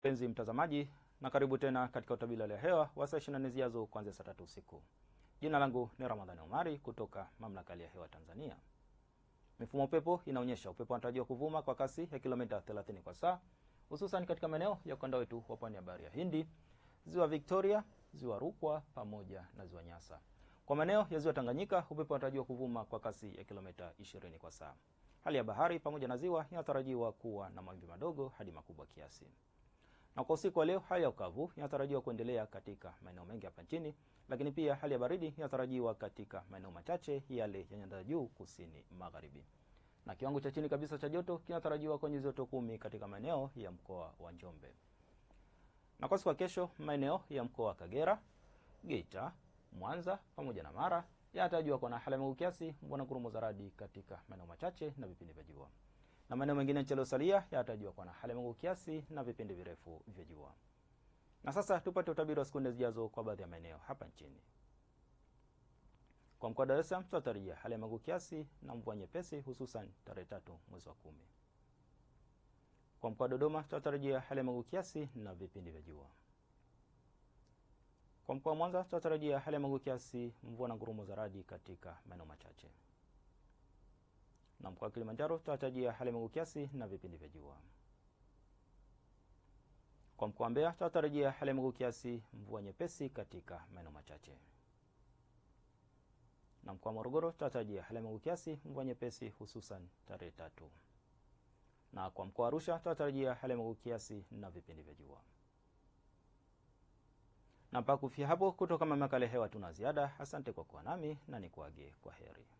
Mpenzi mtazamaji, na karibu tena katika utabiri wa hewa wa saa 24 zijazo kuanzia saa tatu usiku. Jina langu ni Ramadhani Omari kutoka Mamlaka ya ya Hewa Tanzania. Mifumo upepo inaonyesha upepo unatarajiwa kuvuma kwa kasi ya kilomita 30 kwa saa, hususan katika maeneo ya ukanda wetu wa pwani ya Bahari ya Hindi, Ziwa Victoria, Ziwa Rukwa pamoja na Ziwa Nyasa. Kwa maeneo ya Ziwa Tanganyika, upepo unatarajiwa kuvuma kwa kasi ya kilomita 20 kwa saa. Hali ya bahari pamoja na ziwa inatarajiwa kuwa na mawimbi madogo hadi makubwa kiasi. Na kwa usiku wa leo hali ya ukavu inatarajiwa kuendelea katika maeneo mengi hapa nchini, lakini pia hali ya baridi inatarajiwa katika maeneo machache yale ya nyanda juu kusini magharibi, na kiwango cha chini kabisa cha joto kinatarajiwa kwenye joto kumi katika maeneo ya mkoa wa Njombe. Na kwa siku ya kesho maeneo ya mkoa wa Kagera, Geita, Mwanza pamoja na Mara yanatarajiwa kuwa na hali ya mawingu kiasi, mvua na za radi katika maeneo machache na vipindi vya jua na maeneo mengine nchi yatajua kwa na hali Mungu kiasi na vipindi virefu vya jua. Na sasa tupate utabiri wa nne zijazo kwa baadhi ya maeneo hapa nchini. Kwa mkoa wa Dar es Salaam tutatarajia hali ya kiasi na mvua nyepesi hususan tarehe tatu mwezi wa kumi. Kwa mkoa wa Dodoma tutatarajia hali ya kiasi na vipindi vya jua. Kwa mkoa wa Mwanza tutatarajia hali ya mawingu kiasi, mvua na ngurumo za radi katika maeneo machache. Na mkoa wa Kilimanjaro tutawatajia hali ya mawingu kiasi na vipindi vya jua. Kwa mkoa wa Mbeya tutatarajia hali ya mawingu kiasi, mvua nyepesi katika maeneo machache. Na mkoa wa Morogoro tutatarajia hali ya mawingu kiasi, mvua nyepesi hususan tarehe tatu. Na kwa mkoa wa Arusha tutatarajia hali ya mawingu kiasi na vipindi vya jua. Na mpaka kufikia hapo, kutoka makala ya hewa tuna ziada. Asante kwa kuwa nami na nikuage kwa heri.